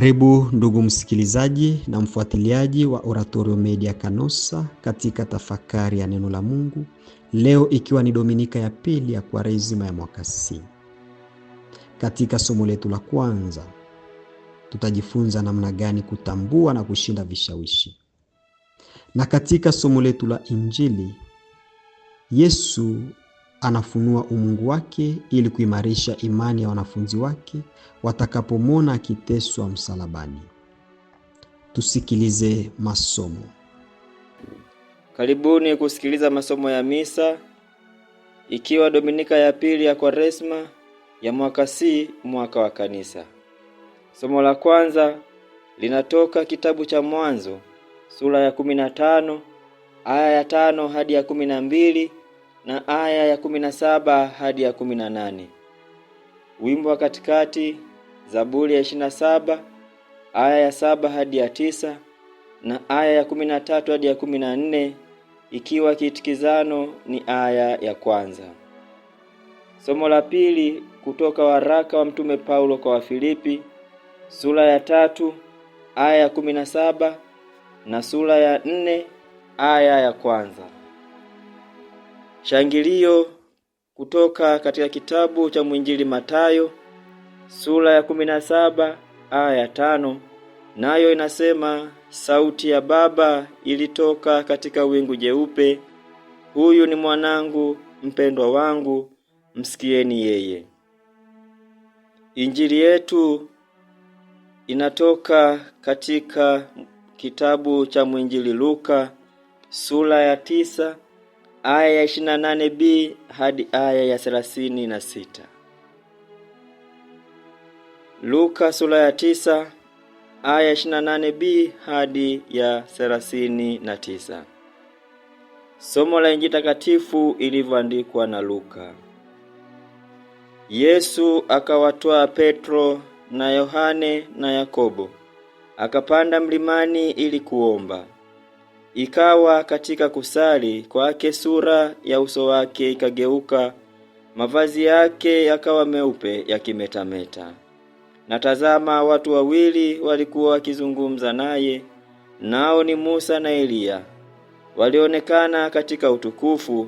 Karibu ndugu msikilizaji na mfuatiliaji wa Oratorio Media Kanosa katika tafakari ya neno la Mungu leo, ikiwa ni Dominika ya pili ya Kwaresima ya mwaka C. Katika somo letu la kwanza tutajifunza namna gani kutambua na kushinda vishawishi, na katika somo letu la Injili Yesu anafunua umungu wake ili kuimarisha imani ya wanafunzi wake watakapomwona akiteswa msalabani. Tusikilize masomo. Karibuni kusikiliza masomo ya misa ikiwa Dominika ya pili ya Kwaresma ya mwaka C, mwaka wa Kanisa. Somo la kwanza linatoka kitabu cha Mwanzo sura ya 15 aya ya tano hadi ya kumi na mbili na aya ya 17 hadi ya 18. Wimbo wa katikati Zaburi ya 27 aya ya saba hadi ya tisa na aya ya 13 hadi ya 14, ikiwa kiitikizano ni aya ya kwanza. Somo la pili kutoka waraka wa Mtume Paulo kwa Wafilipi sura ya tatu aya ya 17 na sura ya nne aya ya kwanza. Shangilio kutoka katika kitabu cha mwinjili Matayo sura ya kumi na saba aya ya tano nayo inasema, sauti ya Baba ilitoka katika wingu jeupe, huyu ni mwanangu mpendwa wangu, msikieni yeye. Injili yetu inatoka katika kitabu cha mwinjili Luka sura ya tisa aya ya 28b hadi aya ya 36. Luka sura ya 9 aya ya 28b hadi ya 39. Somo la Injili takatifu ilivyoandikwa na Luka. Yesu akawatwaa Petro na Yohane na Yakobo akapanda mlimani ili kuomba. Ikawa katika kusali kwake sura ya uso wake ikageuka, mavazi yake yakawa meupe yakimetameta. Na tazama, watu wawili walikuwa wakizungumza naye, nao ni Musa na Eliya, walionekana katika utukufu,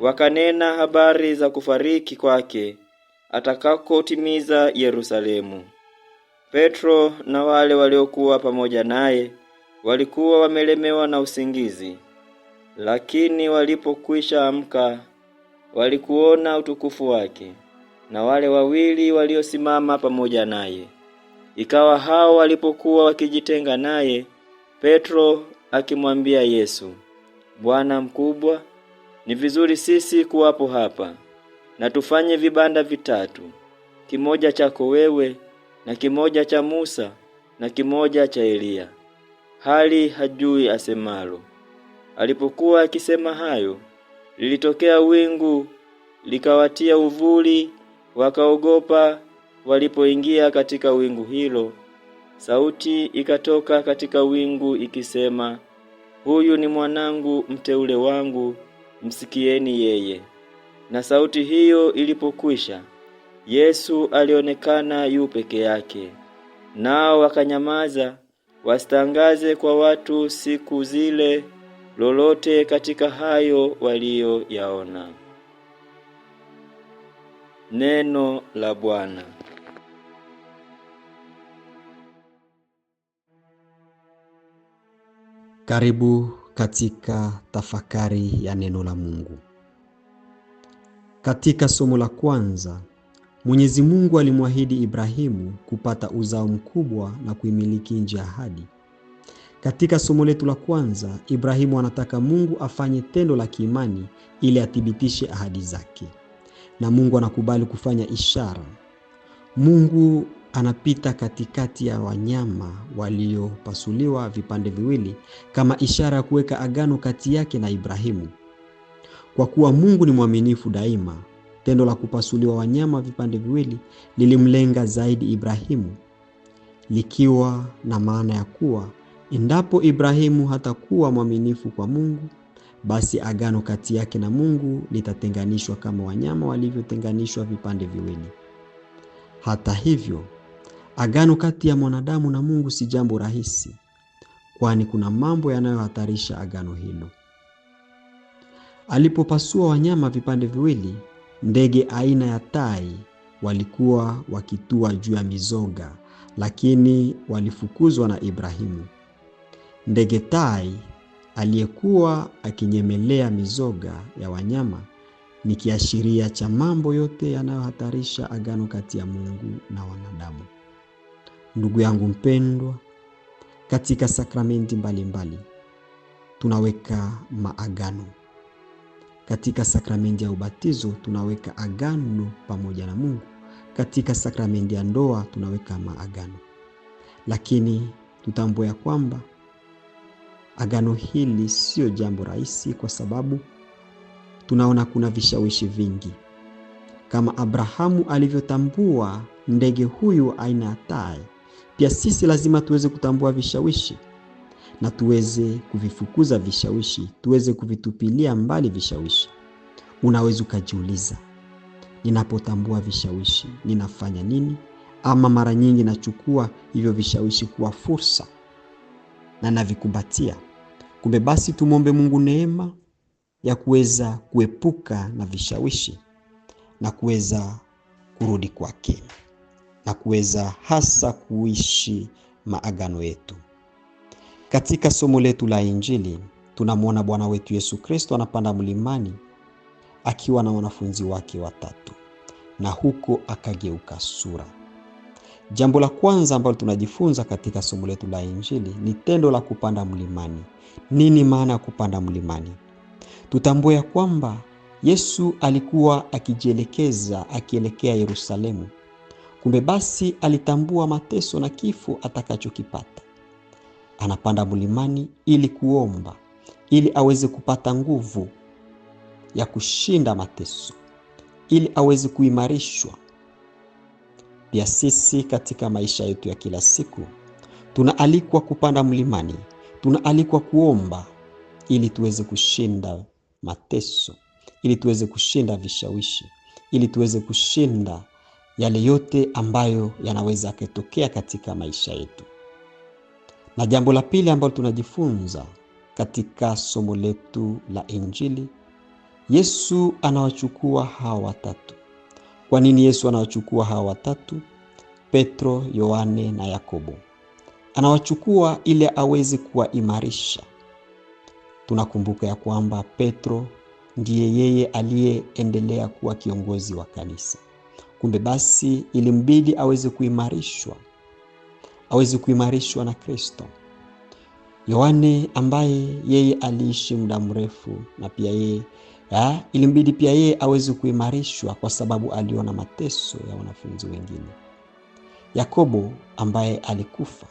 wakanena habari za kufariki kwake atakakotimiza Yerusalemu. Petro na wale waliokuwa pamoja naye walikuwa wamelemewa na usingizi, lakini walipokwisha amka walikuona utukufu wake na wale wawili waliosimama pamoja naye. Ikawa hao walipokuwa wakijitenga naye, Petro akimwambia Yesu, Bwana mkubwa, ni vizuri sisi kuwapo hapa, na tufanye vibanda vitatu, kimoja chako wewe, na kimoja cha Musa, na kimoja cha Eliya hali hajui asemalo. Alipokuwa akisema hayo, lilitokea wingu likawatia uvuli, wakaogopa walipoingia katika wingu hilo. Sauti ikatoka katika wingu ikisema, huyu ni mwanangu mteule wangu, msikieni yeye. Na sauti hiyo ilipokwisha, Yesu alionekana yu peke yake, nao wakanyamaza wasitangaze kwa watu siku zile lolote katika hayo waliyoyaona. Neno la Bwana. Karibu katika tafakari ya neno la Mungu. Katika somo la kwanza Mwenyezi Mungu alimwahidi Ibrahimu kupata uzao mkubwa na kuimiliki nchi ahadi. Katika somo letu la kwanza, Ibrahimu anataka Mungu afanye tendo la kiimani ili athibitishe ahadi zake, na Mungu anakubali kufanya ishara. Mungu anapita katikati ya wanyama waliopasuliwa vipande viwili kama ishara ya kuweka agano kati yake na Ibrahimu. Kwa kuwa Mungu ni mwaminifu daima, Tendo la kupasuliwa wanyama vipande viwili lilimlenga zaidi Ibrahimu, likiwa na maana ya kuwa endapo Ibrahimu hatakuwa mwaminifu kwa Mungu, basi agano kati yake na Mungu litatenganishwa kama wanyama walivyotenganishwa vipande viwili. Hata hivyo, agano kati ya mwanadamu na Mungu si jambo rahisi, kwani kuna mambo yanayohatarisha agano hilo. Alipopasua wanyama vipande viwili, Ndege aina ya tai walikuwa wakitua juu ya mizoga, lakini walifukuzwa na Ibrahimu. Ndege tai aliyekuwa akinyemelea mizoga ya wanyama ni kiashiria cha mambo yote yanayohatarisha agano kati ya Mungu na wanadamu. Ndugu yangu mpendwa, katika sakramenti mbalimbali mbali, tunaweka maagano. Katika sakramenti ya ubatizo tunaweka agano pamoja na Mungu. Katika sakramenti ya ndoa tunaweka maagano, lakini tutambua ya kwamba agano hili sio jambo rahisi, kwa sababu tunaona kuna vishawishi vingi. Kama Abrahamu alivyotambua ndege huyu aina ya tai, pia sisi lazima tuweze kutambua vishawishi na tuweze kuvifukuza vishawishi, tuweze kuvitupilia mbali vishawishi. Unaweza ukajiuliza, ninapotambua vishawishi ninafanya nini? Ama mara nyingi nachukua hivyo vishawishi kuwa fursa na navikumbatia. Kumbe basi, tumwombe Mungu neema ya kuweza kuepuka na vishawishi na kuweza kurudi kwake na kuweza hasa kuishi maagano yetu. Katika somo letu la Injili tunamwona Bwana wetu Yesu Kristo anapanda mlimani akiwa na wanafunzi wake watatu, na huko akageuka sura. Jambo la kwanza ambalo tunajifunza katika somo letu la Injili ni tendo la kupanda mlimani. Nini maana ya kupanda mlimani? Tutambue ya kwamba Yesu alikuwa akijielekeza akielekea Yerusalemu. Kumbe basi alitambua mateso na kifo atakachokipata anapanda mlimani ili kuomba, ili aweze kupata nguvu ya kushinda mateso, ili aweze kuimarishwa. Pia sisi katika maisha yetu ya kila siku tunaalikwa kupanda mlimani, tunaalikwa kuomba ili tuweze kushinda mateso, ili tuweze kushinda vishawishi, ili tuweze kushinda yale yote ambayo yanaweza yakatokea katika maisha yetu. Na jambo la pili ambalo tunajifunza katika somo letu la Injili, Yesu anawachukua hawa watatu. Kwa nini Yesu anawachukua hawa watatu? Petro, Yohane na Yakobo. Anawachukua ili aweze kuwaimarisha. Tunakumbuka ya kwamba Petro ndiye yeye aliyeendelea kuwa kiongozi wa kanisa. Kumbe basi, ilimbidi aweze kuimarishwa awezi kuimarishwa na Kristo. Yohane ambaye yeye aliishi muda mrefu na pia yeye ya, ilimbidi pia yeye aweze kuimarishwa kwa sababu aliona mateso ya wanafunzi wengine. Yakobo ambaye alikufa,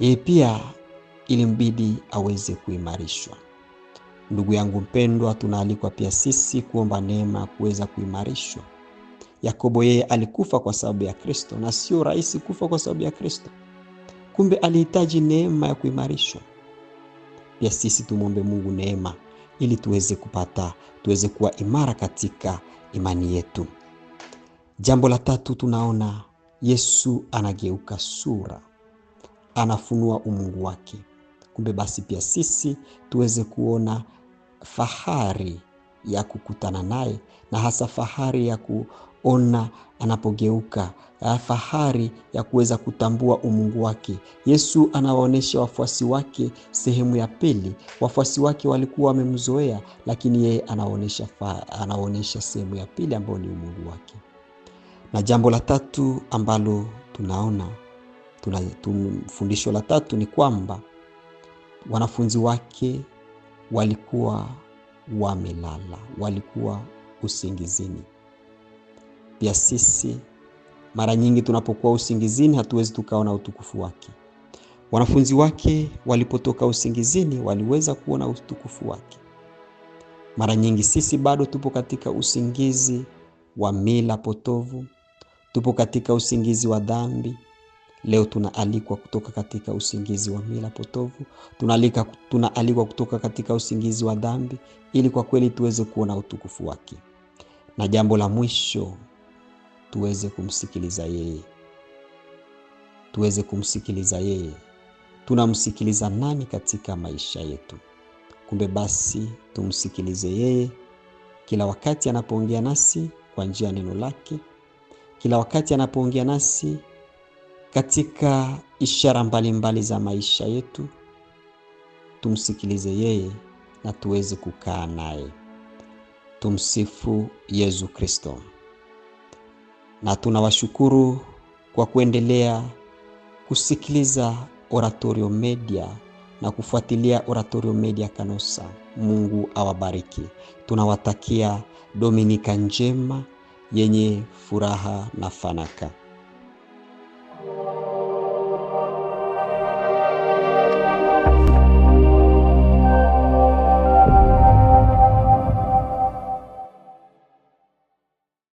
yeye pia ilimbidi aweze kuimarishwa. Ndugu yangu mpendwa, tunaalikwa pia sisi kuomba neema kuweza kuimarishwa Yakobo yeye alikufa kwa sababu ya Kristo, na sio rahisi kufa kwa sababu ya Kristo. Kumbe alihitaji neema ya kuimarishwa. Pia sisi tumwombe Mungu neema ili tuweze kupata, tuweze kuwa imara katika imani yetu. Jambo la tatu, tunaona Yesu anageuka sura, anafunua umungu wake. Kumbe basi pia sisi tuweze kuona fahari ya kukutana naye na hasa fahari ya ku ona anapogeuka fahari ya kuweza kutambua umungu wake. Yesu anawaonyesha wafuasi wake sehemu ya pili. Wafuasi wake walikuwa wamemzoea, lakini yeye anawaonyesha sehemu ya pili ambayo ni umungu wake. Na jambo la tatu ambalo tunaona tuna, tun, fundisho la tatu ni kwamba wanafunzi wake walikuwa wamelala, walikuwa usingizini. Pia sisi mara nyingi tunapokuwa usingizini hatuwezi tukaona utukufu wake. Wanafunzi wake walipotoka usingizini waliweza kuona utukufu wake. Mara nyingi sisi bado tupo katika usingizi wa mila potovu, tupo katika usingizi wa dhambi. Leo tunaalikwa kutoka katika usingizi wa mila potovu, tunaalika, tunaalikwa kutoka katika usingizi wa dhambi, ili kwa kweli tuweze kuona utukufu wake. Na jambo la mwisho tuweze kumsikiliza yeye, tuweze kumsikiliza yeye. Tunamsikiliza nani katika maisha yetu? Kumbe basi tumsikilize yeye kila wakati anapoongea nasi kwa njia ya neno lake, kila wakati anapoongea nasi katika ishara mbalimbali mbali za maisha yetu. Tumsikilize yeye na tuweze kukaa naye. Tumsifu Yesu Kristo na tunawashukuru kwa kuendelea kusikiliza Oratorio Media na kufuatilia Oratorio Media Kanosa. Mungu awabariki. Tunawatakia Dominika njema yenye furaha na fanaka.